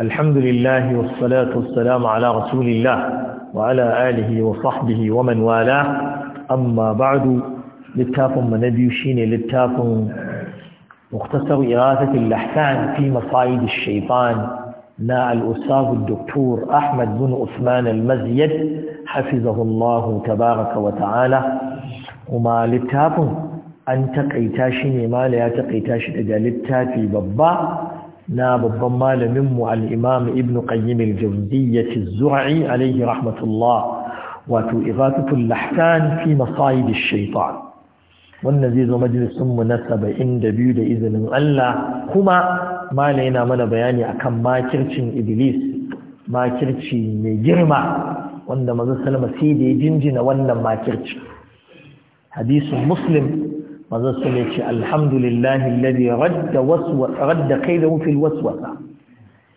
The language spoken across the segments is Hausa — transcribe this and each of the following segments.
الحمد لله والصلاة والسلام على رسول الله وعلى آله وصحبه ومن والاه أما بعد للتاف من نبيوشين للتاف مختصر إغاثة الأحسان في مصايد الشيطان نا الأستاذ الدكتور أحمد بن عثمان المزيد حفظه الله تبارك وتعالى وما للتاف أن تقيتاشي ما لا تقيتاش إذا للتافي ببا na babban malaminmu al'imam ibn qayyim al-jawziyyah az-zur'i alayhi rahmatullah wato ifatatul lahtan fi masayid ash-shaytan wannan zai zo majalisin mu na 72 da izinin Allah kuma malai yana mana bayani akan makircin iblis makirci mai girma wanda manzo sallama sai da ya jinjina wannan makirci hadisin muslim manzon su ne ce alhamdulillahi alladhi radda waswa radda kaidahu fil waswasa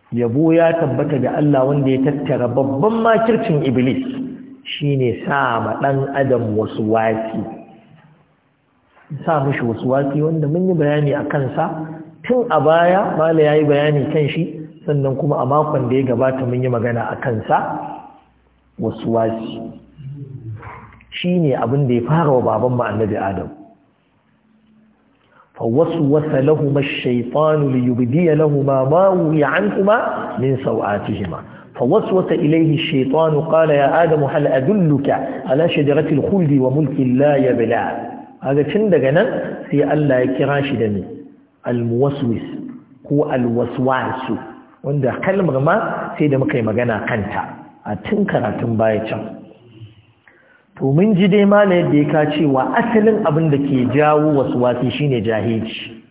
yabo ya tabbata da Allah wanda ya tattara babban makircin iblis shine sa ma dan adam waswasi sa mishi waswasi wanda mun yi bayani a kansa tun a baya mala yayi bayani kan shi sannan kuma a makon da ya gabata mun yi magana a kansa waswasi shine abin da ya fara wa baban mu annabi adam وسوس لهما الشيطان ليبدي لهما ما وي عنهما من سوآتهما فوسوس إليه الشيطان قال يا آدم هل أدلك على شجرة الخلد وملك لا يبلى هذا تندقنا في ألا يكراش دمي الموسوس هو الوسواس وعند كلمة ما سيدة مكي مغانا قنتا أتنكرة تنبايتا to mun ji dai na yadda ya ka cewa asalin abin da ke jawo wasu wasi shine jahilci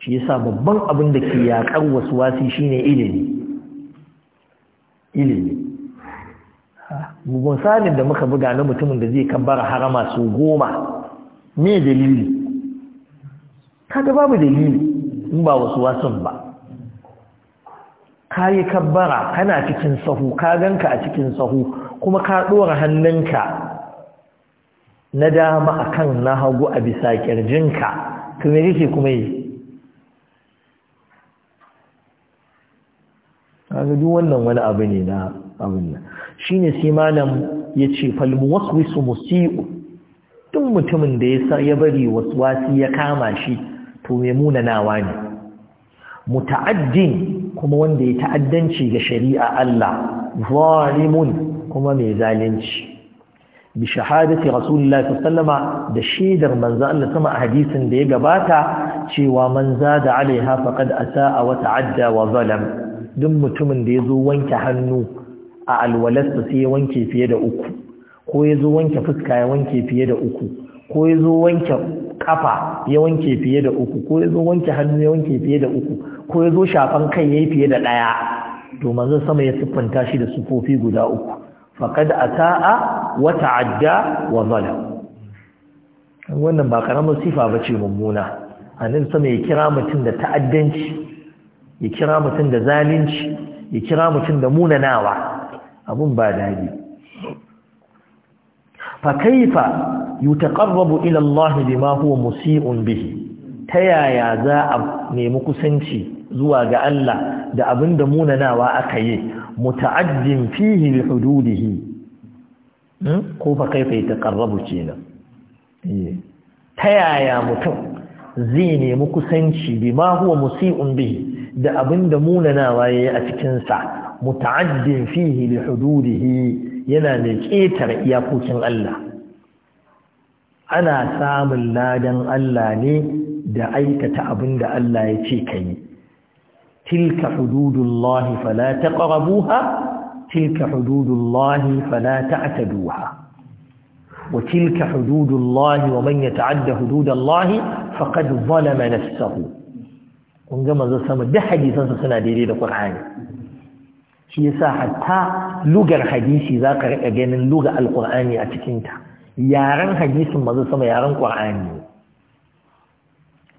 shi yasa babban abin da ke yakar wasu wasi shine ilimi ilimi misalin da muka buga na mutumin da zai kabbara harama masu goma me dalili kaga babu dalili in ba wasu wasan ba kayi kabbara kana cikin sahu ka ganka a cikin sahu kuma ka ɗora hannunka na dama akan na hagu a bisa ƙirjinka to me yake kuma yi kaga wannan wani abu ne na abin nan Shi shine sai malam falmu wasu muwaswisu musii'u Tun mutumin da ya bari wasu ya kama shi to muna munanawa ne muta'addin kuma wanda ya ta'addanci ga shari'a Allah zalimun kuma mai zalunci bi shahadati rasulullahi sallama da shaidar manzo Allah sama a hadisin da ya gabata cewa man zada alaiha faqad asaa wa ta'adda wa zalam duk mutumin da yazo wanke hannu a alwalarsa sai ya wanke fiye da uku ko yazo wanke fuska ya wanke fiye da uku ko yazo wanke kafa ya wanke fiye da uku ko yazo wanke hannu ya wanke fiye da uku ko yazo shafan kai yayi fiye da daya to manzo sama ya siffanta shi da sufofi guda uku faƙad a sa'a wata adda wa zala wannan ba ƙaramar sifa ba ce mummuna a nan sama ya kira mutum da ta'addanci ya kira mutum da zalunci ya kira mutum da munanawa abun ba daɗi fa kaifa yutaqarrabu ila Allah bima huwa musi'un bihi ta yaya za a nemi kusanci zuwa ga Allah da abin da munanawa aka yi muta'addin fihi li hududihi hmm? ko fa kaifa yataqarrabu kenan ta yaya mutum zai nemi kusanci bi ma huwa musi'un bihi da abin da munanawa yayi a cikin sa muta'addin fihi li hududihi yana mai ƙetare iyakokin Allah ana samun ladan Allah ne da aikata abin da Allah ya ce ka yi تلك حدود الله فلا تقربوها تلك حدود الله فلا تعتدوها وتلك حدود الله ومن يتعد حدود الله فقد ظلم نفسه ونجمع ذا سامة ده حديثة سنة ديري ده شيء ساحة تا لغة الحديث ذاك أجن لغة القرآن أتكنت يارن حديث ما ذا سامة يارن قرآن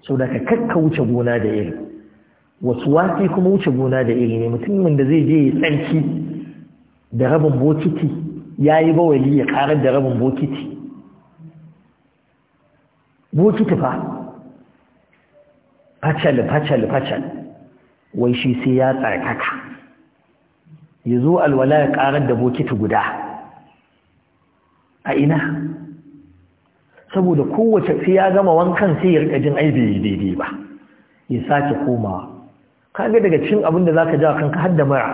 سودك كك وشبونا ده wasu wasi kuma wuce gona da iri ne mutumin da zai je ya tsarki da rabin bokiti ya yi bawali ya karar da rabin bokiti bokiti fa facal facal facal wai shi sai ya tsarkaka ya zo alwala ya karar da bokiti guda a ina saboda kowace sai ya gama wankan sai ya rika jin aibe daidai ba ya sake komawa Ka ga daga cikin abin da ka ja kanka har da mara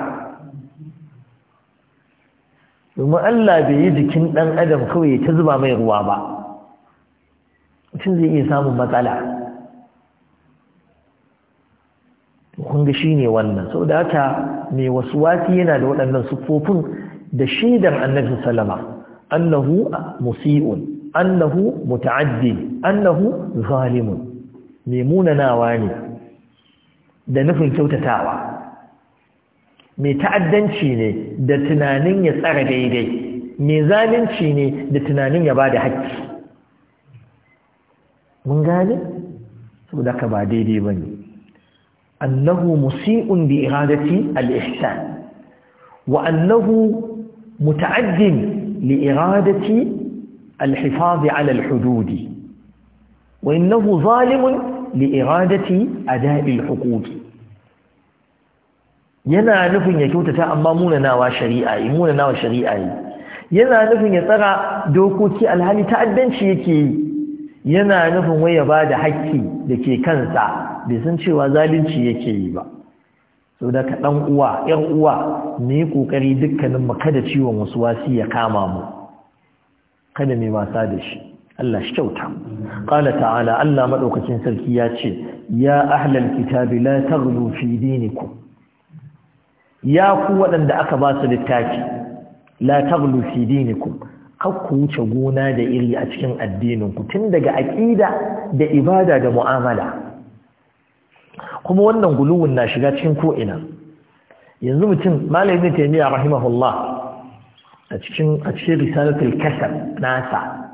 domin Allah bai yi jikin ɗan adam kawai ta zuba mai ruwa ba mutum zai iya samun matsala kun ga shi ne wannan sau da haka mai wasu wasi yana da waɗannan siffofin da shaidar annabi salama annahu musi'un annahu muta'addi annahu zalimun mai munanawa ne da nufin kyautatawa mai ta'addanci ne da tunanin ya tsara daidai mai zalunci ne da tunanin ya ba da haƙƙi mun gane saboda ka ba daidai ba ne annahu musi'un bi iradati al-ihsan wa annahu muta'addin li iradati al-hifaz 'ala al-hudud wa innahu zalimun li iradati ada'i al-huquq yana nufin ya kyautata amma munanawa shari'a yi munanawa shari'a yi yana nufin ya tsara dokoki alhali ta'addanci yake yi yana nufin wai ya bada haƙƙi da ke kansa bai san cewa zalunci yake yi ba sau da ɗan uwa ‘yan uwa ne ƙoƙari dukkanin mu kada ciwon wasu wasi ya kama mu kada mai wasa da shi Allah shi kyauta ƙala ta'ala Allah maɗaukacin sarki ya ce ya ahlal kitabi la taghlu fi dinikum ya ku waɗanda aka ba su littafi la taglu fi dinikum ku wuce gona da iri a cikin addininku tun daga aƙida da ibada da mu'amala kuma wannan guluwun na shiga cikin ko'ina yanzu mutum malamin taimiyya rahimahullah a cikin a cikin risalatul kasab nasa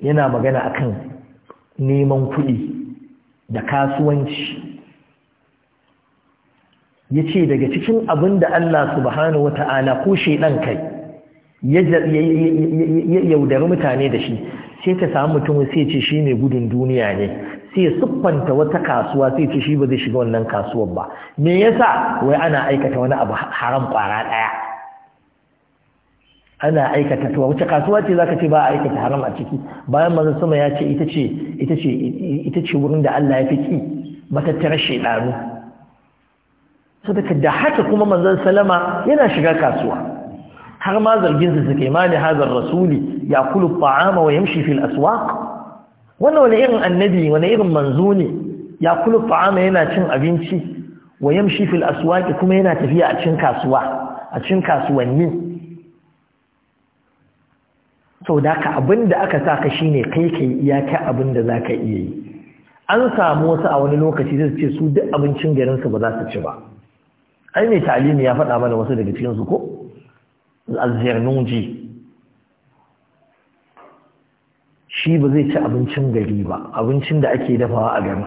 yana magana akan neman kuɗi da kasuwanci yace daga cikin abin da Allah subhanahu wata'ala ko dan kai ya yaudari mutane da shi sai ka samu mutum sai ce shi ne gudun duniya ne sai siffanta wata kasuwa sai ce shi ba zai shiga wannan kasuwar ba me yasa wai ana aikata wani abu haram kwara daya ana aikata to wace kasuwa ce zaka ce ba a aikata haram a ciki bayan manzon sama ya ce ita ce ita ce ita ce wurin da Allah ya fiki matattarar shedanu sadaka da haka kuma manzon salama yana shiga kasuwa har ma zargin su suke ma hazar rasuli ya ta'ama wa yamshi fil aswaq wannan wani irin annabi wani irin manzo ne ya ta'ama yana cin abinci wa yamshi fil aswaq kuma yana tafiya a cikin kasuwa a cikin kasuwanni da ka abinda aka sa ka shine kai kai iyaka abinda zaka iya yi an samu wasu a wani lokaci zai ce su duk abincin garinsu ba za su ci ba ai mai talimi ya faɗa mana wasu daga cikinsu ko al shi ba zai ci abincin gari ba abincin da ake dafawa a gari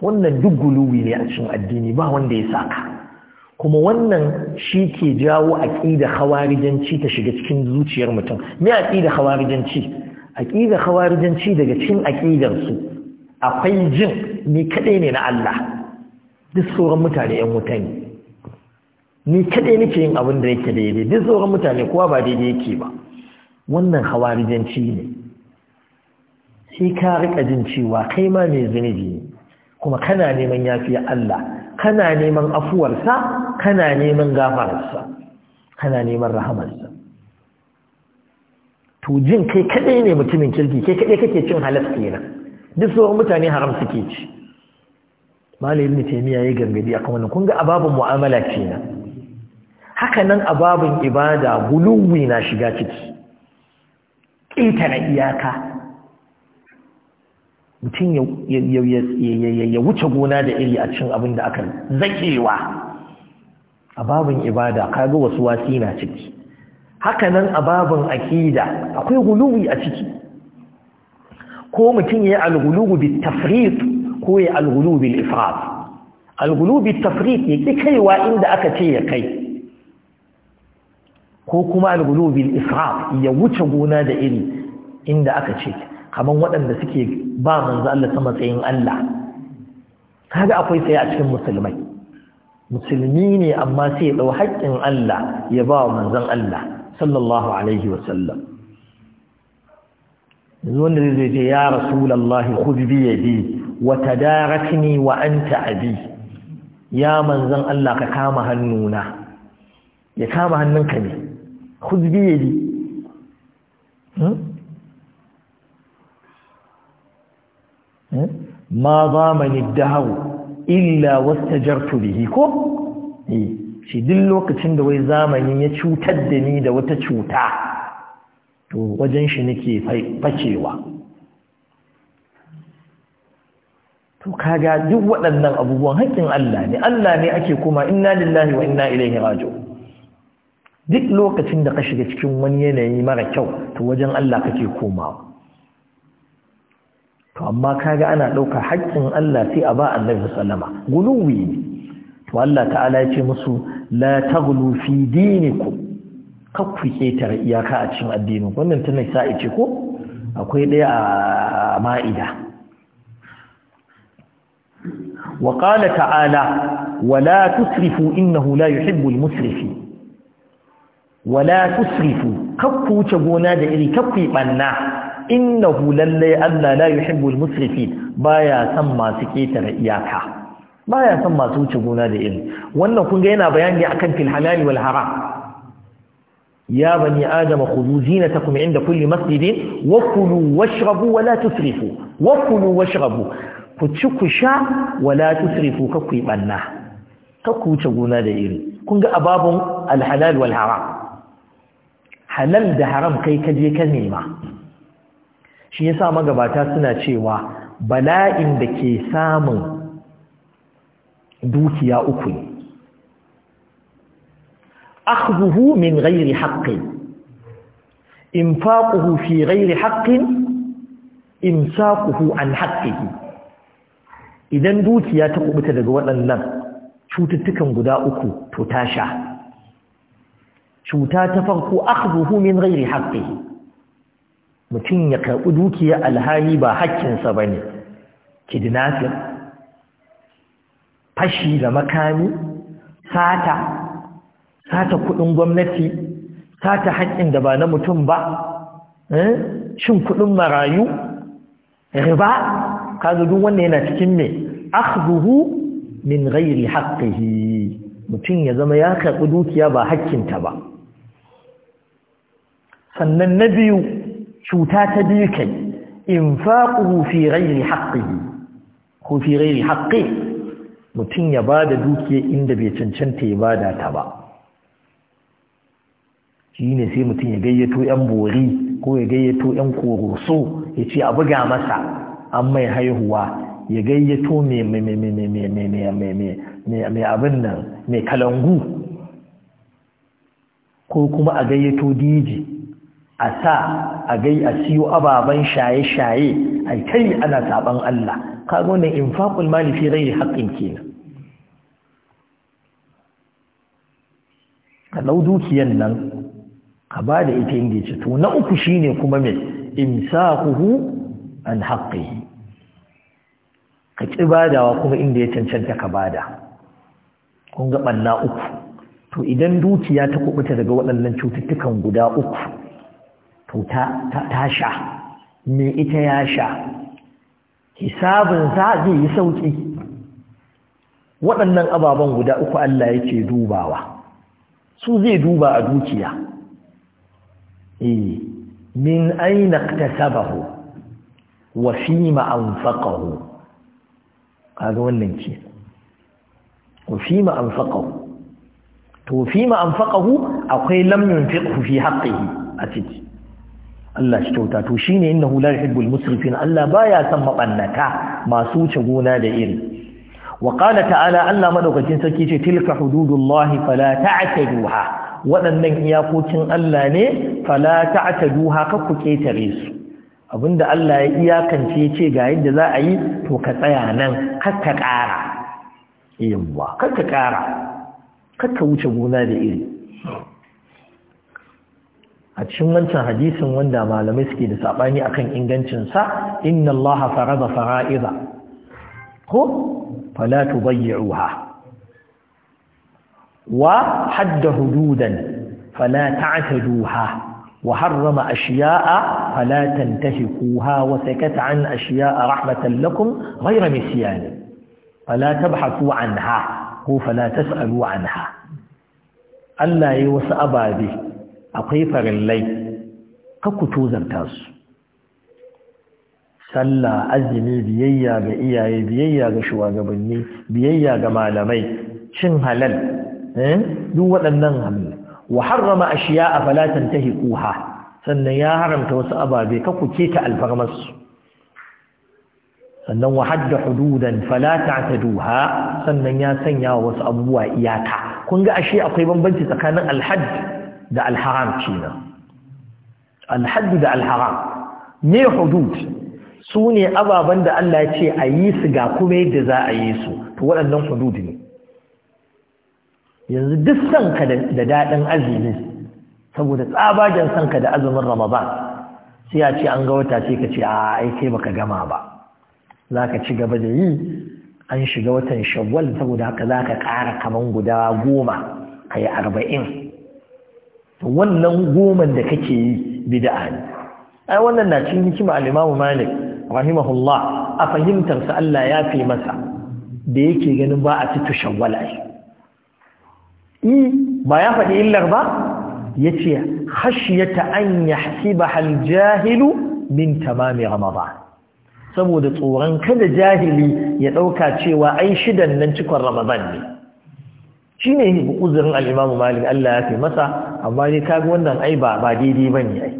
wannan duk guluwi ne a cikin addini ba wanda ya saka kuma wannan shi ke jawo aqida hawarijanci ta shiga cikin zuciyar mutum me aƙida khawarijanci Aƙida hawarijanci daga cikin aƙidarsu su akwai jin ni kaɗai ne na Allah duk sauran mutane yan wuta ne ni kadai nake yin abin da yake daidai duk sauran mutane kowa ba daidai yake ba wannan hawarijanci ne sai ka rika jin cewa kai ma mai zunubi ne kuma kana neman yafiya Allah kana neman afuwarsa kana neman gafararsa kana neman rahamarsa to jin kai kadai ne mutumin kirki kai kadai kake cin halal kenan duk sauran mutane haram suke ci malam ibn taymiya ya gangadi akan wannan kun ga ababun mu'amala kina haka nan ababun ibada guluwi na shiga ciki na iyaka mutum ya wuce gona da iri a cikin abin da aka zakewa a babin ibada kaga wasu wasi na ciki hakanan a babin akida akwai guluwi a ciki ko mutum ya yi algulugu bi ko ya al bil ifrat alghulu bit tafriq ya kaiwa inda aka ce ya kai ko kuma alghulu bil ifrat ya wuce gona da iri inda aka ce kaman waɗanda suke ba manzo Allah ta matsayin Allah kaga akwai sai a cikin musulmai musulmi ne amma sai ya dau haƙƙin Allah ya ba manzon Allah sallallahu alaihi wa sallam yanzu wanda zai ce ya rasulallahi khudh bi yadi wata daratini wa an ta’abi ya manzan Allah ka kama hannuna ya kama hannunka ne huzbi ya ji ma ba mani dahau illa wasta jartu bihi ko? shi duk lokacin da wai zamani ya cutar da ni da wata cuta to wajen shi nake fakewa to kaga duk waɗannan abubuwan haƙƙin Allah ne Allah ne ake kuma inna lillahi wa inna ilaihi raji'un duk lokacin da ka shiga cikin wani yanayi mara kyau to wajen Allah kake komawa to amma kaga ana ɗauka haƙƙin Allah sai a ba Annabi sallama guluwi to Allah ta'ala ya ce musu la taghlu fi dinikum kakku ketare iyaka a cikin addinin wannan tana sa'i ce ko akwai ɗaya a ma'ida wa ta'ala wala tusrifu innahu la yuhibbul musrifin wala tusrifu kakku gona da iri kakku banna innahu lallai Allah la yuhibbul musrifin baya san masu ketare iyaka baya san masu wuce gona da iri wannan kun ga yana bayani akan fil halal wal haram ya bani adama khudhu zinatakum inda kulli masjidin wa kulu washrabu wa la tusrifu wa kulu washrabu ku ci ku sha wala tusrifu ka ku yi banna ka ku wuce gona da iri kun ga ababun alhalal wal haram halal da haram kai ka je ka nema shi yasa magabata suna cewa bala'in da ke samun dukiya uku ne akhdhuhu min ghairi haqqin infaquhu fi ghairi haqqin imsaquhu an haqqihi idan dukiya ta kubuta daga waɗannan cututtukan guda uku to ta sha cuta ta farko akhdhuhu min ghairi haqqihi mutum ya karɓi dukiya alhali ba haƙƙinsa bane kidnapping fashi da makami sata sata kuɗin gwamnati sata haƙƙin da ba na mutum ba shin eh, kuɗin marayu riba kaga duk wanda yana cikin me akhdhuhu min ghairi haqqihi mutum ya zama ya karɓi dukiya ba ta ba sannan na biyu cuta ta biyu kai infaquhu fi ghairi haqqihi ko fi ghairi haqqi mutum ya bada dukiya inda bai cancanta ya bada ta ba shine sai mutum ya gayyato yan bori ko ya gayyato yan koroso ya ce a buga masa an mai haihuwa ya gayyato mai abin nan mai kalangu ko kuma a gayyato diji a sa a gai a siyo ababen shaye-shaye a kai ana saban Allah kago ne infaqul mali fi ghairi haqqin kenan ka dau dukiyan nan ka ba da ita inda ce to na uku shine kuma me imsakuhu an haqqihi ƙi kuma inda ya cancanta ka bada kun ga ɓanna uku to idan dukiya ta kubuta daga waɗannan cututtukan guda uku to ta sha me ita ya sha za zai yi sauƙi waɗannan ababen guda uku Allah yake dubawa su zai duba a dukiya eh, min aina ta sabahu wa fi ma'amfaƙahu kaga wannan ce. wa ma to fi ma akwai lam yunfiqhu fi haqqihi a ciki Allah shi kyauta to shine innahu la yuhibbul musrifin Allah baya san maɓannata masu wuce gona da iri wa qala ta'ala Allah madaukakin sarki ce tilka hududullahi fala duha, waɗannan iyakokin Allah ne fala ta'taduha kakku ketare su abinda Allah ya iyakance ya ce ga yadda za a yi to ka tsaya nan kar ka ƙara yawa kar ka ƙara ka wuce gona da iri a cikin wancan hadisin wanda malamai suke da saɓani akan ingancin sa inna Allah farada fara'iza ko fala tudayyi'uha wa hadda hududan fala ta'taduha wa harrama ashiya'a فلا تنتهكوها وسكت عن أشياء رحمة لكم غير نسيان فلا تبحثوا عنها هو فلا تسألوا عنها ألا يوس أبابي أقيفر الليل ككتو زرتاس سلا أزمي بييا بإياي بييا بشوا قبني بييا قمالمي شن هلل دو ودنن وحرم أشياء فلا تنتهكوها sannan ya haramta wasu ababe ka ku ka alfarmarsu sannan wa hadda Falata ta duha. sannan ya sanya wa wasu abubuwa iyaka kun ga ashe akwai bambanci tsakanin alhadd da alharam kenan Alhadu da alharam ne hudud su ne ababen da Allah ce a yi su ga kuma yadda za a yi su to waɗannan hudud ne yanzu duk ka da daɗin azumi saboda tsabagen sanka da azumin ramadan sai a ce an ga wata sai ka ce a ai baka gama ba za ka ci gaba da yi an shiga watan shawwal saboda haka za ka ƙara kaman guda goma ka yi arba'in wannan goman da kake yi bida'a ne ai wannan na cikin hikima al malik rahimahullah a fahimtarsa Allah ya fi masa da yake ganin ba a fitu shawwal E, ba ya faɗi illar ba yace khashyata an yahsibaha al-jahilu min tamami ramadan saboda tsoron kada jahili ya dauka cewa ai shidan nan cikon ramadan ne shine uzurin al-imamu malik Allah ya fi masa amma dai kaga wannan ai ba ba daidai bane ai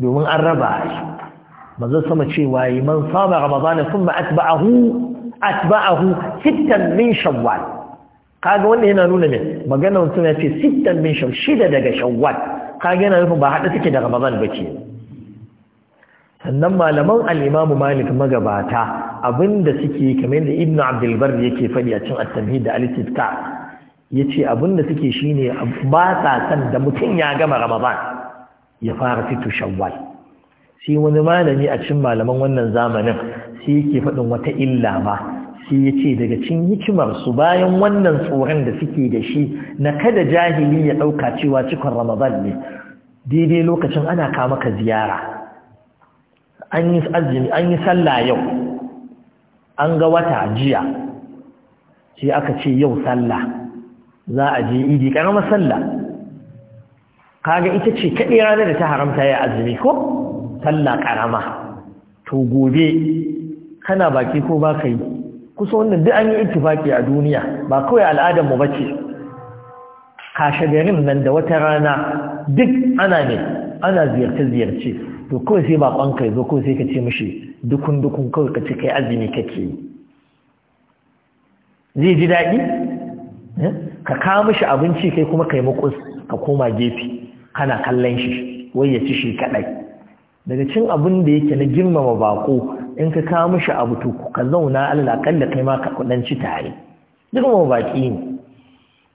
domin an raba ai manzo sama cewa man sama ramadan thumma atba'ahu atba'ahu sittan min shawwal kaga wanda yana nuna ne magana mutum ya ce sittan min shida daga shawwal kaga yana nufin ba hada suke da ramadan ba ke sannan malaman al'imamu malik magabata abinda suke kamar yadda ibn abdulbar yake faɗi a cikin at da al ya ce abinda suke ne ba sa san da mutum ya gama ramadan ya fara fito shawwal sai wani malami a cikin malaman wannan zamanin sai yake faɗin wata illa ba sai ya ce daga cin hikimarsu bayan wannan tsoron da suke da shi na kada jahili ya ɗauka cewa cikon ramadan ne daidai lokacin ana kama ka ziyara an yi sallah yau an ga wata jiya sai aka ce yau sallah za a je idi karama sallah kaga ita ce kaɗe ranar da ta haramta ya azumi ko sallah karama to gobe kana baki ko ba ka yi kusa wannan duk an yi ittifaki a duniya ba kawai al'adar mu bace kashe garin nan da wata rana duk ana ne ana ziyarce ziyarce to kawai sai bakon kai zo kawai sai ka ce mishi dukun dukun kawai ka ce kai azumi kake yi zai ji daɗi eh? ka kawo mashi abinci kai kuma kai makus ka koma gefe kana kallon shi wai ya ci shi kaɗai daga cin abin da yake na girmama bako in ka kawo mishi abu to ka zauna Allah kalla kai ma ka kudan ci tare duk mu baki ne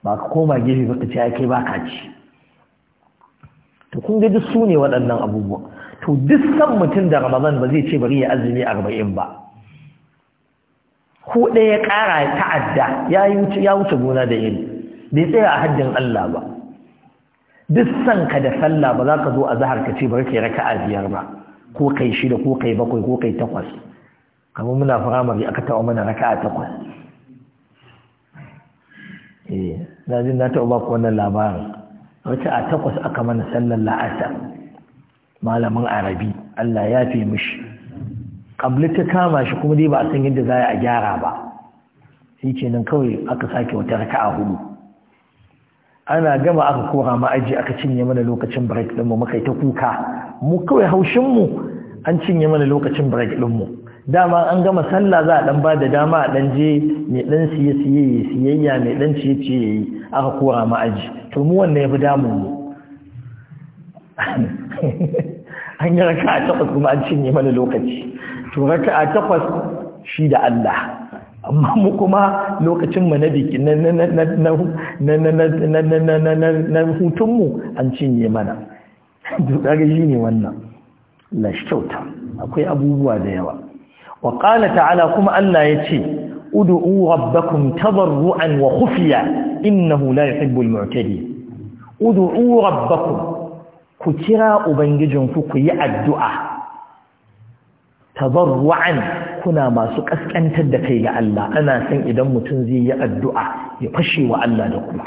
ba ka koma gefe ba ka ci ake ba ka ci to kun ga duk su waɗannan abubuwa to duk san mutum da Ramadan ba zai ce bari ya azumi 40 ba ko ɗaya ƙara ta'adda ya wuce ya wuce gona da iri bai tsaya a haddin Allah ba duk san ka da sallah ba za ka zo a zahar ka ce bari kai raka'a biyar ba ko kai shida ko kai bakwai ko kai takwas kamar muna firamare aka taɓa mana raka a takwas eh na jin na taɓa ba ku wannan labarin wata a takwas aka mana sallar la'asar malamin arabi Allah ya fi mishi ta kama shi kuma dai ba a san yadda za a gyara ba shi ke nan kawai aka sake wata raka a hudu ana gama aka kora ma'aji aka cinye mana lokacin break mu muka yi ta kuka mu kawai haushin mu an cinye mana lokacin break mu dama an gama sallah za a ɗan ba da dama a ɗan je mai ɗan siye siye siyayya mai ɗan ciye ciye yi aka kora aji to mu wannan ya fi damun mu an yi raka a takwas kuma an cinye mana lokaci to raka a takwas shi da Allah amma mu kuma lokacin mu na biki na hutunmu an cinye mana duka shi ne wannan lashi akwai abubuwa da yawa wa ƙala ta'ala kuma Allah ya ce udu'u rabbakum tadarru'an wa khufiya innahu la yuhibbul mu'tadi Udu rabbakum ku kira ubangijinku ku yi addu'a tadarru'an kuna masu kaskantar da kai ga Allah ana san idan mutum zai yi addu'a ya fashe wa Allah da kuma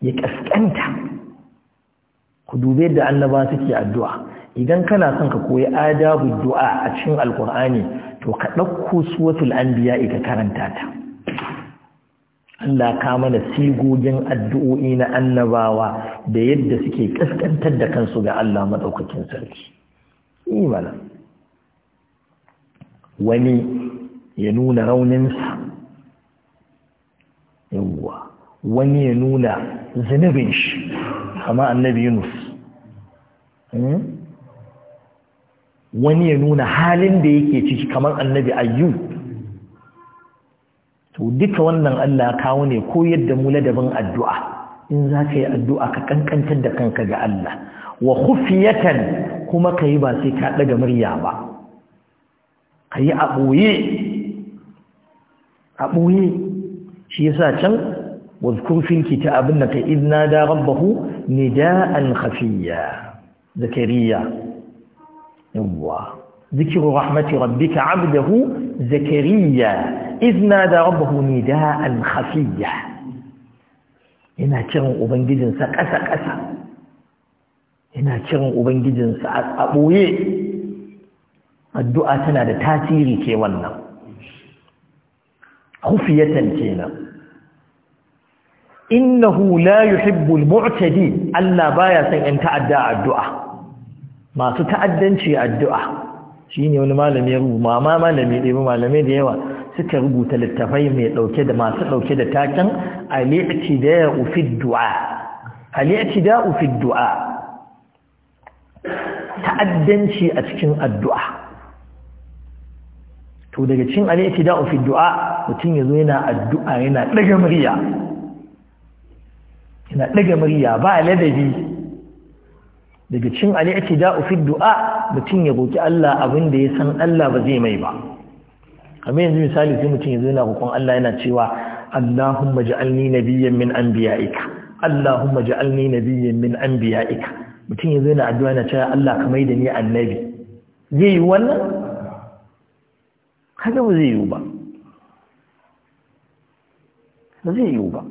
ya kaskanta ku dube da annaba suke addu'a idan kana son ka koyi adabu du'a a cikin alkur'ani to ka ɗauko suwatul anbiya ita karanta ta Allah ka mana sigogin addu'o'i na annabawa da yadda suke kaskantar da kansu ga Allah madaukakin sarki imana wani ya nuna rauninsa yawwa wani ya nuna zunubin shi kama annabi yunus Hmm? wani ya nuna halin da yake ciki kamar annabi ayyu to duka wannan Allah kawo ne ko yadda mu ladabin addu'a in za ka yi addu'a ka kankantar da kanka ga Allah wa khufiyatan kuma ka yi ba sai ka daga murya ba ka yi a ɓoye shi yasa can wazkurfinki ta abin da ka idna da rabbahu nida'an khafiyya zakariya yawwa ذكر رحمة ربك عبده زكريا إذ نادى ربه نداء خفية هنا كرم أبنجدن سكسا كسا هنا كرم أبنجدن سأبوي الدعاء تنا تاثيري كيوانا خفية كينا innahu la yuhibbul mu'tadi Allah baya son in ta'adda addu'a masu ta'addanci addu'a shine wani malami ya rubuta ma malami dai malamai da yawa suka rubuta littafai mai dauke da masu dauke da takan. al-i'tida'u fi du'a al-i'tida'u fi du'a ta'addanci a cikin addu'a to daga cikin al-i'tida'u fi du'a mutum yazo yana addu'a yana daga murya Ina ɗaga murya ba ladabi daga cin ake da ufi du'a mutum ya goki Allah abin da ya san Allah ba zai mai ba kamar yanzu misali sai mutum ya zo yana kokon Allah yana cewa Allahumma ja'alni nabiyyan min anbiya'ika Allahumma ja'alni nabiyyan min anbiya'ika mutum ya zo yana addu'a yana cewa Allah ka maida ni annabi zai yi wannan kaga ba zai yi ba ba zai yi ba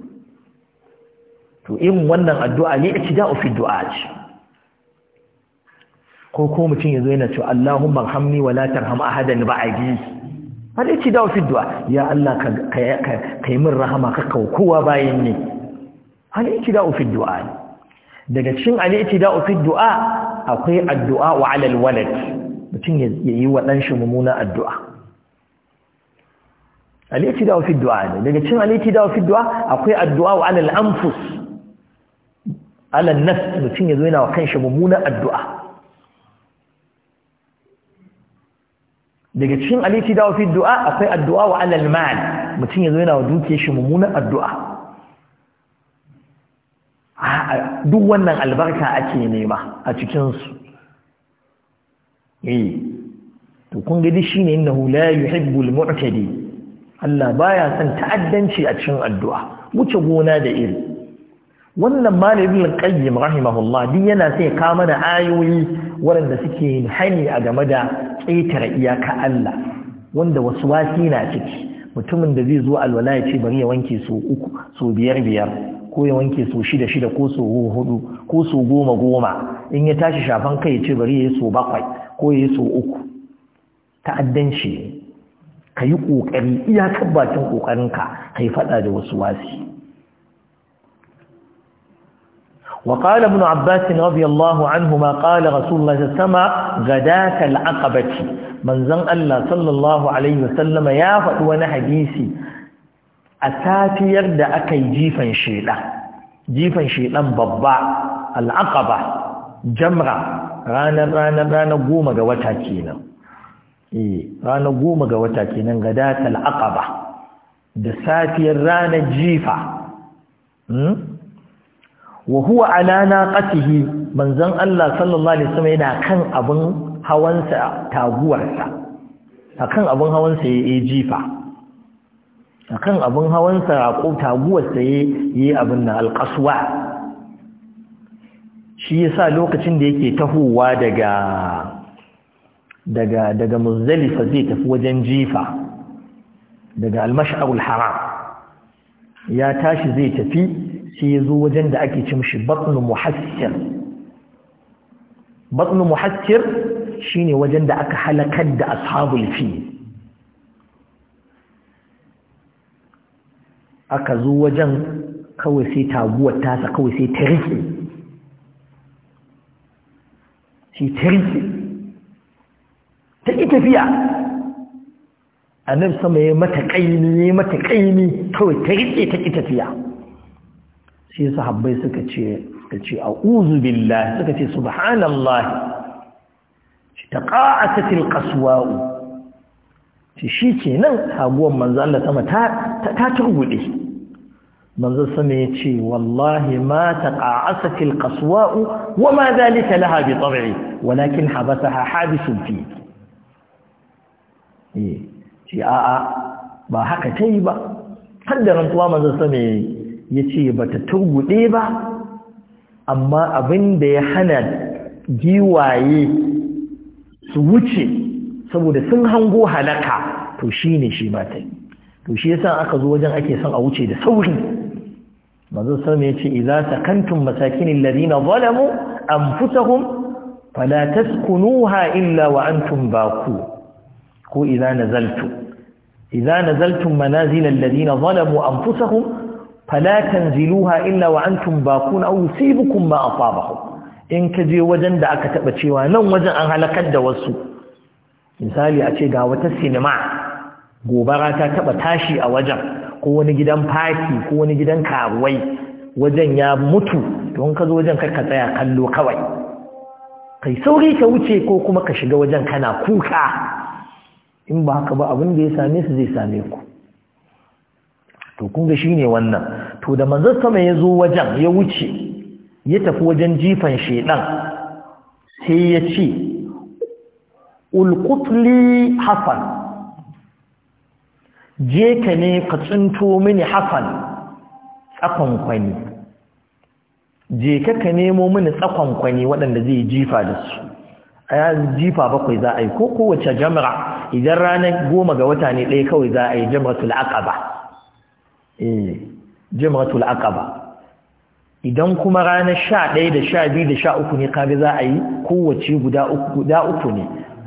to irin wannan addu'a ne da fi du'a ce ko ko mutum yazo yana cewa Allahumma arhamni wa la tarham ahadan ba'di har da fi du'a ya Allah ka kai min rahama ka kawo kowa bayan ni hal da fi du'a daga cikin al da fi du'a akwai addu'a wa alal al walad mutum yi wa dan shi mumuna addu'a al ittida'u fi du'a ne daga cin cikin al ittida'u fi du'a akwai addu'a wa 'ala al alan nas mutum ya zo yana wa kanshi mummunan addu'a daga cikin aliti dawo fi du'a akwai addu'a wa alal mal mutum ya zo yana wa dukiyar shi mummunan addu'a duk wannan albarka ake nema a cikinsu eh to kun gadi shi ne shine innahu la yuhibbul mu'tadi Allah baya son ta'addanci a cikin addu'a wuce gona da iri wannan malamin al-qayyim rahimahullah din yana sai ka mana ayoyi waɗanda suke hani a game da ƙetare iyaka Allah wanda wasu wasi na ciki mutumin da zai zo alwala ya ce bari ya wanke so uku so biyar biyar ko ya wanke so shida shida ko so hudu ko so goma goma in ya tashi shafan kai ya ce bari ya yi so bakwai ko ya so uku ta'addanci ka yi ƙoƙari iyakar bakin ƙoƙarinka ka yi faɗa da wasu wasi وقال ابن عباس رضي الله عنهما قال رسول الله صلى الله عليه وسلم غداك العقبة من زن الله صلى الله عليه وسلم يا فأوان حديثي أتاتير دا أكي جيفا شيلا جيفا شيلا ببع العقبة جمرة رانا رانا رانا قوم قوتا كينا إيه رانا قوم قوتا كينا غداك العقبة دا ساتير رانا جيفا wa huwa ala naqatihi manzon Allah sallallahu alaihi wasallam yana kan abun hawansa taguwarsa akan abun hawansa ya jifa akan abun hawansa ko taguwarsa ya abun na alqaswa shi yasa lokacin da yake tahowa daga daga daga muzdalifa zai tafi wajen jifa daga almash'abul haram ya tashi zai tafi sai ya zo wajen da ake ce mishi batnu muhassir batnu muhassir shine wajen da aka halakar da ashabul fi aka zo wajen kawai sai taguwar tasa kawai sai ta rike sai ta rike ta ƙi tafiya a nan sama ya mata ƙaini ya mata ƙaini kawai ta rike ta ƙi tafiya sai sahabbai suka ce suka ce a'udhu billahi suka ce subhanallahi taqa'atatil qaswa'u shi shikenan haguwan manzo Allah sama ta ta turgude manzo sama yace wallahi ma taqa'atatil qaswa'u wama dhalika laha bi tab'i walakin habasaha habisun fi eh, shi a'a ba haka tayi ba haddaran kuma manzo sama yayi ya ce ba ta ba amma abin da ya hana giwaye su wuce saboda sun hango halaka to shi ne shi mata to shi yasa aka zo wajen ake son a wuce da sauri manzo sama yace ta kantun masakinin ladina zalamu anfusahum fala taskunuha illa wa antum baku ko idza nazaltu na zaltun manazilal ladina zalamu anfusahum فلا تنزلوها إلا وأنتم باقون أو يصيبكم ما je wajen كجي وجن taɓa cewa nan wajen an halakar da wasu. misali a ce ga wata sinima gobara ta taba tashi a wajen ko wani gidan faki ko wani gidan karuwai wajen ya mutu don ka zo wajen ka tsaya kallo kawai kai sauri ka wuce ko kuma ka shiga wajen kana kuka in ba haka ba abin da ya same su zai same ku to kun ga shine wannan to da manzon sama ya zo wajen ya wuce ya tafi wajen jifan shedan sai ya ce ulqutli hasan je ka ne ka tsinto mini Hafan tsakon kwani je ka ka nemo mini tsakon kwani waɗanda zai jifa da su a jifa bakwai za a yi ko kowace jamra idan ranar goma ga wata ne ɗaya kawai za a yi jamratul ba. Eh, jimratul aqaba idan kuma ranar sha ɗaya da sha biyu da sha uku ne kage za a yi kowace guda uku guda uku ne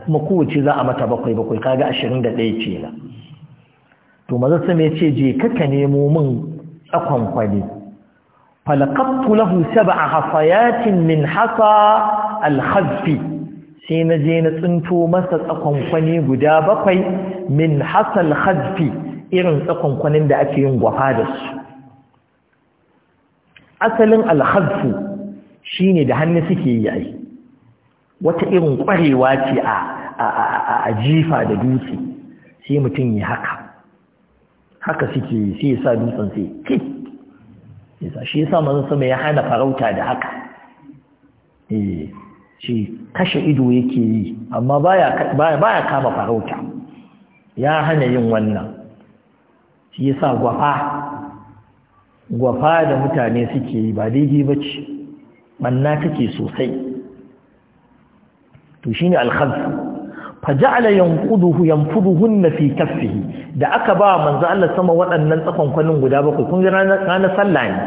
kuma kowace za a mata bakwai bakwai kage ashirin da ɗaya ce na to maza sai ya ce je kaka nemo min tsakon kwali. falakattu lahu sab'a hafayatin min hasa alhazfi sai na je na tsinto masa tsakon kwali guda bakwai min hasa khazfi irin tsakonkwanin da ake yin gwafa da su asalin alhazfu shine da hannu suke yi ai wata irin kwarewa ce a jifa da dutse sai mutum ya haka haka suke sai ya sa dutsen sai kit yasa shi yasa manzo sama ya hana farauta da haka eh shi kashe ido yake yi amma baya baya kama farauta ya hana yin wannan shi yasa gwafa gwafa da mutane suke yi ba daidai ba ce manna take sosai to shi ne alhazsu faja'ala yanquduhu yanfuduhunna fi kaffihi da aka ba manzo Allah sama waɗannan tsafan kwanin guda bakwai kun ga ranar sallah ne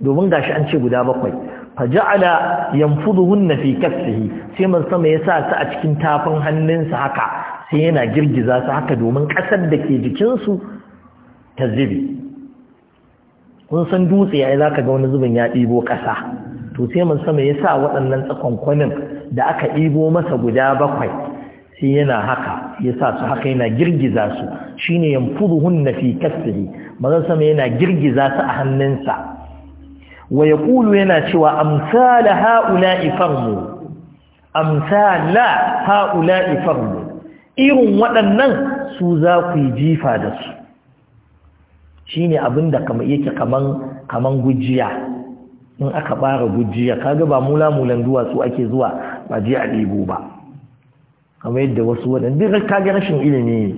domin gashi an ce guda bakwai faja'ala yanfuduhunna fi kaffihi sai man sama ya sa su a cikin tafin hannunsa haka sai yana girgiza su haka domin ƙasar da ke jikinsu ta zubi kun san dutse yi za ka ga wani zubin ya ɗibo ƙasa to sai mun sama ya sa waɗannan tsakonkwanin da aka ɗibo masa guda bakwai sai yana haka ya sa su haka yana girgiza su shine yanfuduhun na fi kasiri mazan sama yana girgiza su a hannunsa wa ya kulu yana cewa amsala ha'ula ifarmu amsala ha'ula ifarmu irin waɗannan su za ku yi jifa da su shine abin da kama yake kaman kaman gujiya in aka bara gujiya kaga ba mula mulan duwatsu ake zuwa ba je a ɗebo ba kamar yadda wasu waɗanda ga rashin ilimi ne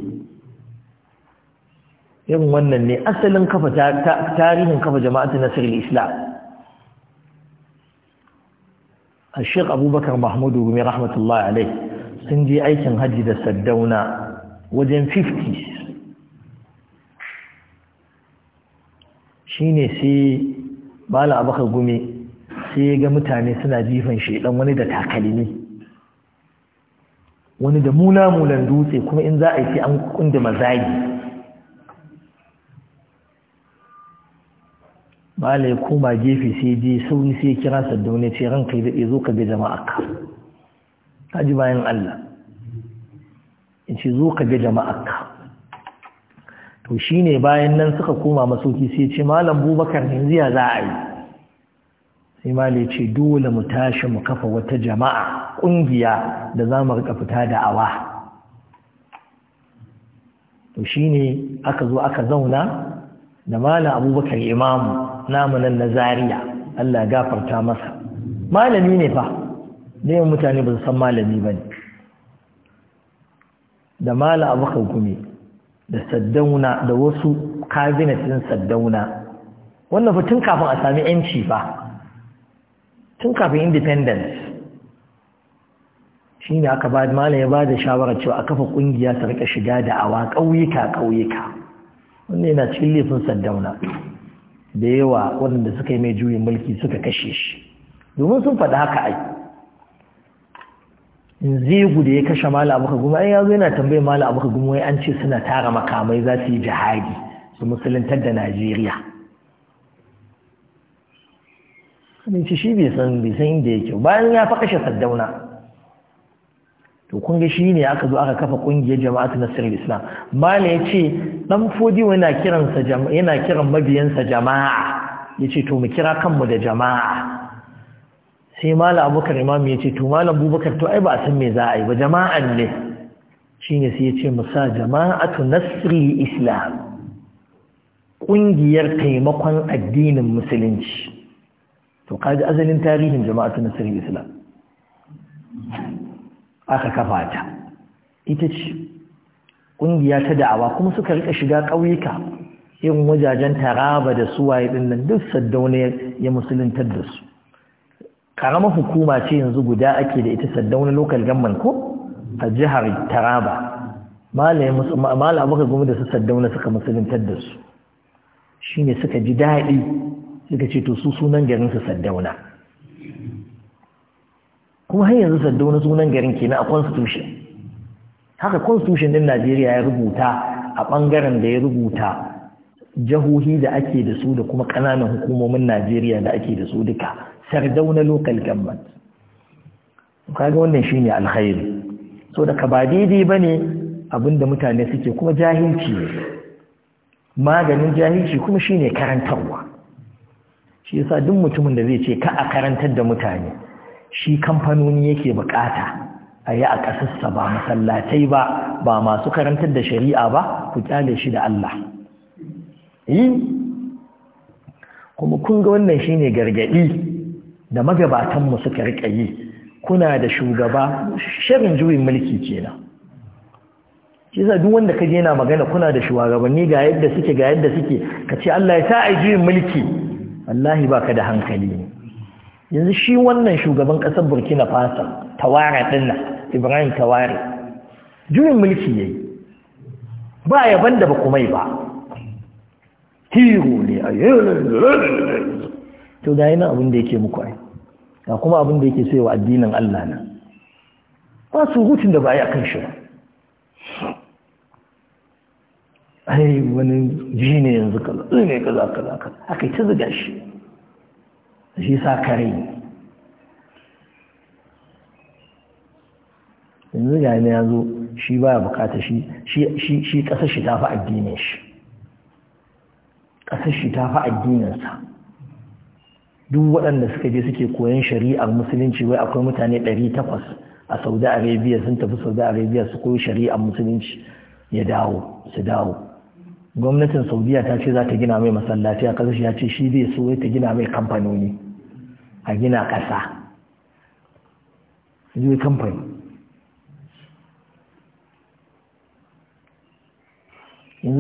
irin wannan ne asalin kafa tarihin kafa jama'atu sirri islam ashir abubakar mahmudu rumi rahmatullahi alai sun je aikin hajji da saddauna wajen 50 shine sai a abaka gume sai ya ga mutane suna jifan shaidan wani da takalmi wani da mula mulan dutse kuma in za a yi sai an kunda mazagi Bala ya koma gefe sai je sauri sai ya kira saddaune ce ranka ya zo ka ga jama'a ka ta ji bayan Allah in ce zo ka ga jama'a ka to shi ne bayan nan suka koma masauki sai ce malam bubakar yanzu ya za a yi sai malai ce dole mu tashi mu kafa wata jama'a ƙungiya da za mu rika fita da awa to shi ne aka zo aka zauna da malam abubakar imamu namu nan na Zariya. Allah gafarta masa malami ne fa da mutane ba su san malami ba ne da malam abubakar kuma da saddauna da wasu kabinet ɗin saddauna wannan fa tun kafin a sami yanci ba tun kafin independence shi ne aka malam ya ba da shawarar cewa a kafa ƙungiya ta rika shiga da awa ƙauyuka ƙauyuka wanda yana cikin laifin saddauna da yawa waɗanda suka yi mai juyin mulki suka kashe shi domin sun faɗi haka ai zegu da ya kashe mala abu kagumu ai yazo yana tambaye mala abu kagumu wai an ce suna tara makamai za su yi jihadi su musuluntar da najeriya abinci shi bai san bai san inda yake bayan ya fa kashe saddauna to kun ga shi ne aka zo aka kafa kungiyar jama'atu sirri islam mala ya ce dan fodi yana kiransa yana kiran mabiyansa jama'a yace to mu kira kanmu da jama'a sai malam abubakar imam ya ce to malam abubakar to ai ba san me za a yi ba jama'an ne ne sai ya ce musa jama'atu nasri islam ƙungiyar taimakon addinin musulunci to kaji azalin tarihin jama'atu nasri islam aka kafa ta ita ce ƙungiya ta da'awa kuma suka rika shiga ƙauyuka yin wajajen taraba da suwaye ɗin nan duk Saddauniyar ya musuluntar da su Karama hukuma ce yanzu guda ake da ita saddauna local government ko a jihar taraba malayin muka gumi da su saddauna suka musuluntar da su shi ne suka ji daɗi suka ce to su sunan garin su saddauna kuma har yanzu saddauna sunan garin ke na a constitution haka constitution din najeriya ya rubuta a ɓangaren da ya rubuta jahohi da ake da su da kuma ƙananan hukumomin najeriya da ake da su duka na local government kaga wannan shine alkhairi so da ba daidai bane abinda mutane suke kuma jahilci maganin jahilci kuma shine karantarwa shi yasa duk mutumin da zai ce ka a karantar da mutane shi kamfanoni yake bukata a yi a ƙasarsa ba masallatai ba ba masu karantar da shari'a ba ku kyale shi da Allah yi eh? kuma kun ga wannan shine gargaɗi da magabatanmu suka riƙa yi kuna da shugaba shirin juyin mulki kenan shi sa duk wanda kaje yana magana kuna da shugabanni ga yadda suke ga yadda suke ka ce Allah ya sa a juyin mulki wallahi baka da hankali ne yanzu shi wannan shugaban kasar Burkina Faso Taware din Ibrahim Tawari juyin mulki yayi ba ya da ba kuma ba hero ne a to da ina abin da yake muku a ga kuma abin da yake so wa addinin Allah na ba su hutun da ba a yi a kan shi ba ai wani ji ne yanzu kala, zai ne kaza kaza kaza aka yi ta zuga shi shi sa kare ne yanzu ga ne ya zo shi ba bukata shi shi kasar shi ta addinin shi kasar shi ta fi addininsa duk waɗanda suka je suke koyon shari'ar musulunci wai akwai mutane ɗari takwas a saudi arabia sun tafi saudi arabia su koyi shari'ar musulunci ya dawo su dawo gwamnatin saudiya ta ce za ta gina mai masallaci a ƙasashe ya ce shi zai so ta gina mai kamfanoni a gina ƙasa yanzu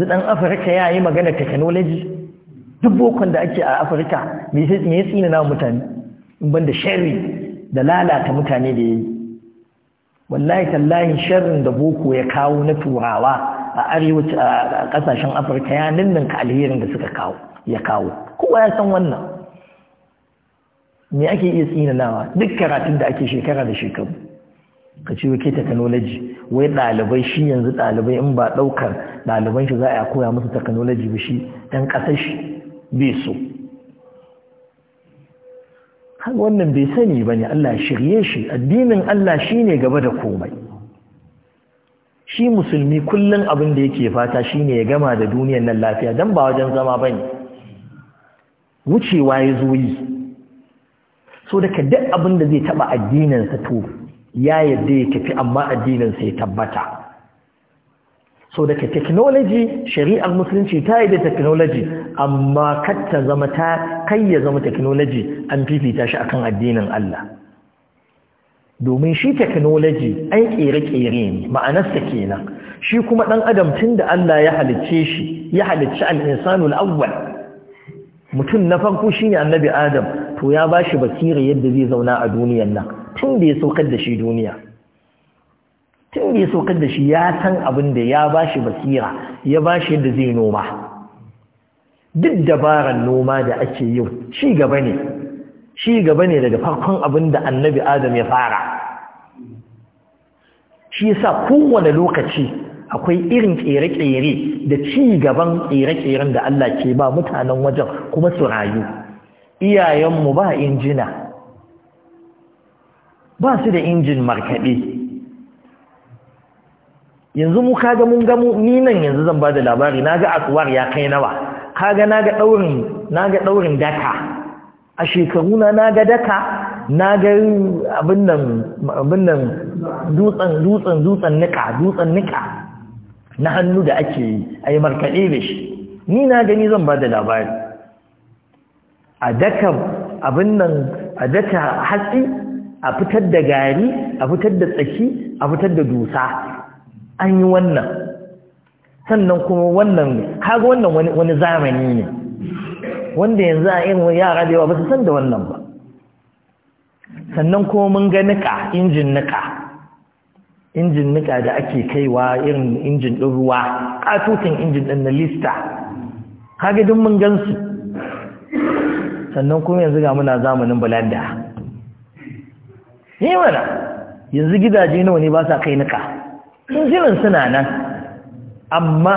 ɗan afirka ya yi magana technology duk bokon da ake a afirka me ya tsina na mutane in ban da sharri da lalata mutane da ya yi wallahi tallahi sharrin da boko ya kawo na turawa a arewaci a kasashen afirka ya ninninka alherin da suka kawo ya kawo kowa ya san wannan me ake iya nawa duk karatun da ake shekara da shekaru ka ce wake technology wai ɗalibai shi yanzu ɗalibai in ba ɗaukar ɗaliban shi za a koya musu technology ba shi ɗan ƙasar shi bai so wannan bai sani ba ne Allah shirye shi addinin Allah shi ne gaba da komai shi musulmi kullum abin da yake fata shi ne ya gama da duniyan nan lafiya don ba wajen zama ba ne wucewa ya zo yi so daga duk abin da zai taba addininsa to ya yadda ya tafi amma addininsa ya tabbata so daga technology shari'ar musulunci ta yi da technology amma katta zama ta kai ya zama technology an fifita shi akan addinin Allah domin shi technology ai kere-kere ne ma'anarsa kenan shi kuma dan adam tun da Allah ya halicce shi ya halicci al-insanu al-awwal mutum na farko shine annabi Adam to ya bashi basira yadda zai zauna a duniyar nan tun da ya saukar da shi duniya tun da ya saukar da shi ya san abin da ya ba shi basira ya ba shi yadda zai noma duk dabarar noma da ake yau shi gaba ne shi gaba ne daga farkon abin da annabi adam ya fara shi yasa kowane lokaci akwai irin tsere-tsere da ci gaban tsere-tseren da Allah ke ba mutanen wajen kuma su rayu iyayenmu ba injina ba su da injin markaɗe yanzu mu kaga mun gamu ni nan yanzu zan bada labari naga aswar ya kai nawa kaga naga daurin naga daurin daka a shekaruna na naga daka naga abin nan abin nan dutsen dutsen dutsen nika dutsen nika na hannu da ake yi ai markade da shi ni na gani zan bada labari a daka abin nan a daka hatsi a fitar da gari a fitar da tsaki a fitar da dusa an yi wannan sannan kuma wannan kaga wannan wani zamani ne wanda yanzu a irin yara da yawa ba su san da wannan ba sannan kuma mun ga nika injin nika injin nika da ake kaiwa irin injin ɗin ruwa ƙatutun injin ɗin na lista kaga duk mun gan su sannan kuma yanzu ga muna zamanin bulanda yi mana yanzu gidaje nawa ne ba sa kai nika Sun injinan suna nan amma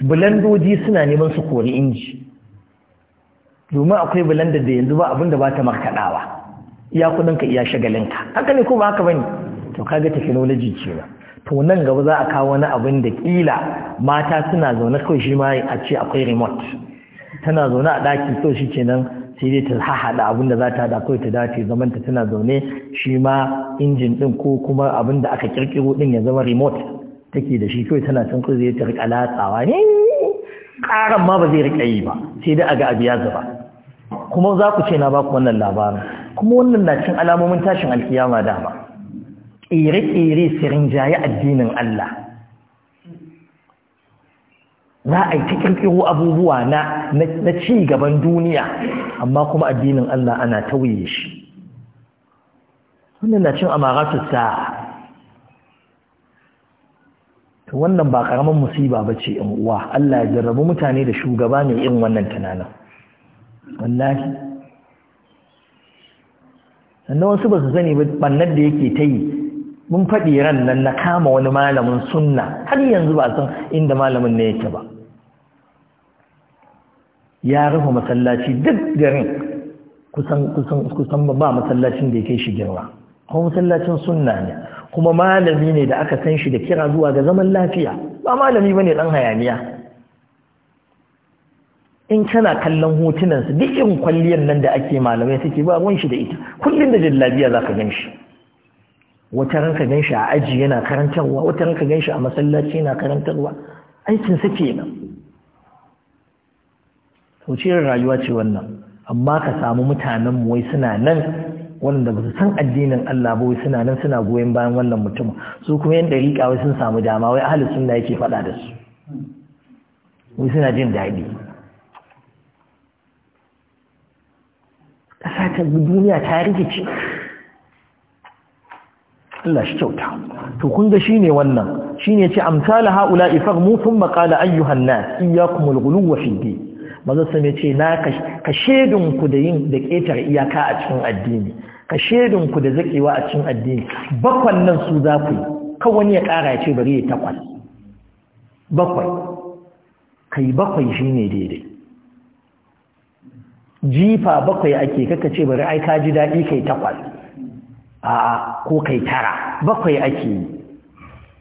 bulandoji suna neman su kori inji domin akwai bulanda da yanzu ba abinda ba ta markaɗawa iya kudinka iya shagalinka haka ne ko ba haka bane to kaga technology ce ba to nan gaba za a kawo wani abin da kila mata suna zaune kawai shi ma a ce akwai remote tana zaune a ɗaki to shi kenan sai dai ta hahada abin da za ta hada kawai ta dace zaman ta tana zaune shi ma injin din ko kuma abin da aka kirkiro ɗin ya zama remote take da shi kawai tana can kawai zai ta rika latsawa ne karan ma ba zai rika yi ba sai dai a ga abu ya zuba kuma za ku ce na ba ku wannan labarin kuma wannan na cin alamomin tashin alkiyama dama ƙere-ƙere sirin jaye addinin Allah za a yi ta kirkiro abubuwa na na ci gaban duniya amma kuma addinin Allah ana tauye shi wannan na cin su sa to wannan ba karaman musiba ce in uwa Allah ya jarrabu mutane da shugaba mai irin wannan tunanin wallahi sannan wasu ba su sani bannan da yake ta yi mun faɗi ran nan na kama wani malamin sunna har yanzu ba san inda malamin na yake ba ya rufe masallaci duk garin kusan ba masallacin da ya kai shi girma ko masallacin sunna ne kuma malami ne da aka san shi da kira zuwa ga zaman lafiya ba malami ba ne dan hayaniya in kana kallon hotunansu duk irin kwalliyar nan da ake malamai suke ba wanshi shi da ita kullum da jallabiya za ka gan shi wata ran ka gan shi a aji yana karantarwa wata ran ka gan shi a masallaci yana karantarwa aikin suke nan. to rayuwa ce wannan amma ka samu mutanen mu wai suna nan wanda ba su san addinin Allah ba wai suna nan suna goyon bayan wannan mutum su kuma yan dariƙa wai sun samu dama wai ahli sunna yake faɗa da su wai suna jin daɗi ƙasa ta duniya ta rikici. Allah shi kyauta to kun ga shine wannan shine ce amsal haula ifagmu thumma qala ayyuhan nas iyyakumul ghuluw fi din manzo sun yace na ka shedun ku da yin da ketar iyaka a cikin addini ka shedun ku da zakewa a cikin addini bakwan nan su za ku kan wani ya kara ya ce bari ya takwas bakwai kai bakwai shine daidai jifa bakwai ake kaka ce bari ai ka ji daɗi kai takwas a ko kai tara bakwai ake yi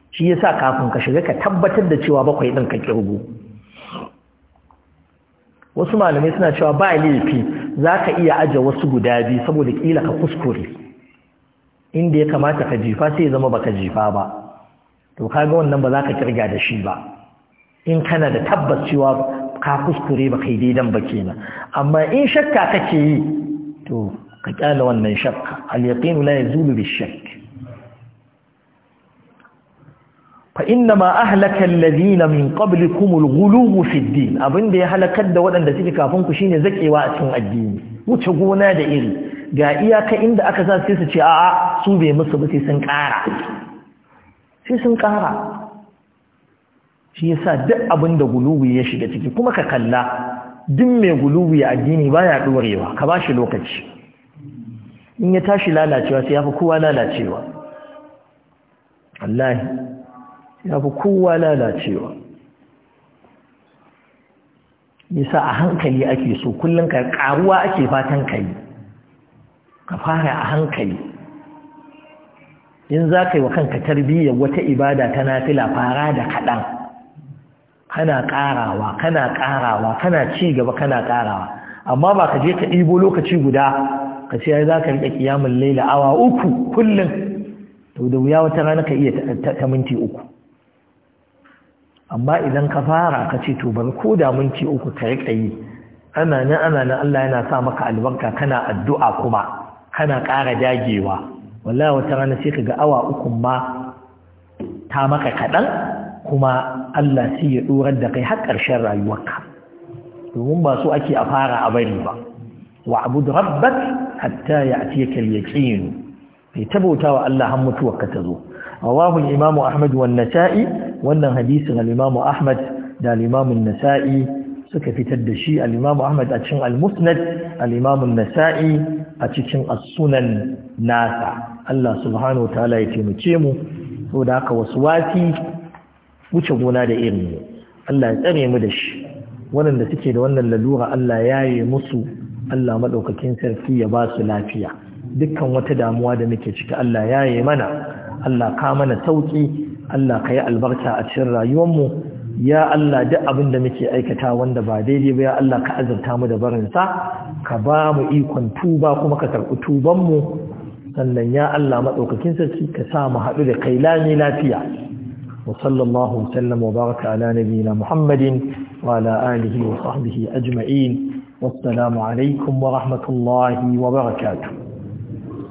shi yasa kafin ka shiga ka tabbatar da cewa bakwai ɗin ka ƙirgu. wasu malamai suna cewa ba laifi za ka iya aje wasu guda biyu saboda kila ka kuskure inda ya kamata ka jifa sai zama baka jifa ba to kaga wannan ba za ka kirga da shi ba in kana da tabbas cewa ka kuskure ba kai daidan ba kenan amma in shakka kake yi to ka kyale wannan shakka al yaqinu la yazulu bi shakk فإنما أهلك الذين من قبلكم الغلو في الدين أبن دي هلكت دا ودن دا تلك zakewa شيني زكي واتن الدين وتقونا دا iri ga kai inda aka sa sai su ce a'a su bai musu ba sai sun ƙara sai sun ƙara shi yasa duk abin da guluwi ya shiga ciki kuma ka kalla duk mai guluwi a addini baya dorewa ka ba shi lokaci in ya tashi lalacewa sai ya fi kowa lalacewa wallahi ya fi kowa lalacewa nisa a hankali ake so kullum ka karuwa ake fatan kai ka fara a hankali in za ka yi wa kanka tarbiyyar wata ibada tana fila fara da kaɗan kana ƙarawa kana ƙarawa kana ci gaba kana karawa amma ba ka je ka ɗibo lokaci guda ka ce za ka riƙa ƙiyamun laila awa uku kullum da wuya wata rana ka iya ta minti uku amma idan ka fara ka ce to bari ko da minti uku ka riƙa yi ana nan ana Allah yana sa maka albarka kana addu'a kuma kana ƙara dagewa wallahi wata rana sai ka ga awa uku ma ta maka kaɗan kuma Allah sai ya ɗorar da kai har ƙarshen rayuwarka domin ba su ake a fara a bari ba wa abu da rabbat hatta ya a tiyakal yaƙinu bai ta wa Allah har ka ta zo rawahu al-imam ahmad wa an-nasa'i wannan hadisin al-imam ahmad da al-imam an-nasa'i suka fitar da shi al-imam ahmad a cikin al-musnad al-imam an-nasa'i a cikin as-sunan nasa Allah subhanahu wa ta'ala ya taimake mu saboda haka wasu wasi wuce gona da irin mu. Allah ya tsare mu da shi waɗanda suke da wannan lalura Allah ya yi musu Allah maɗaukakin sarki ya ba su lafiya dukkan wata damuwa da muke ciki Allah ya yi mana Allah ka mana sauki Allah ka yi albarka a cikin rayuwarmu ya Allah duk abin da muke aikata wanda ba daidai ba ya Allah ka azurta mu da barinsa ka ba mu ikon tuba kuma ka karɓi tubanmu sannan ya Allah maɗaukakin sarki ka sa mu haɗu da kai lami lafiya wa sallallahu sallam wa baraka ala nabiyina muhammadin wa ala alihi wa sahbihi ajma'in wassalamu alaikum wa rahmatullahi wa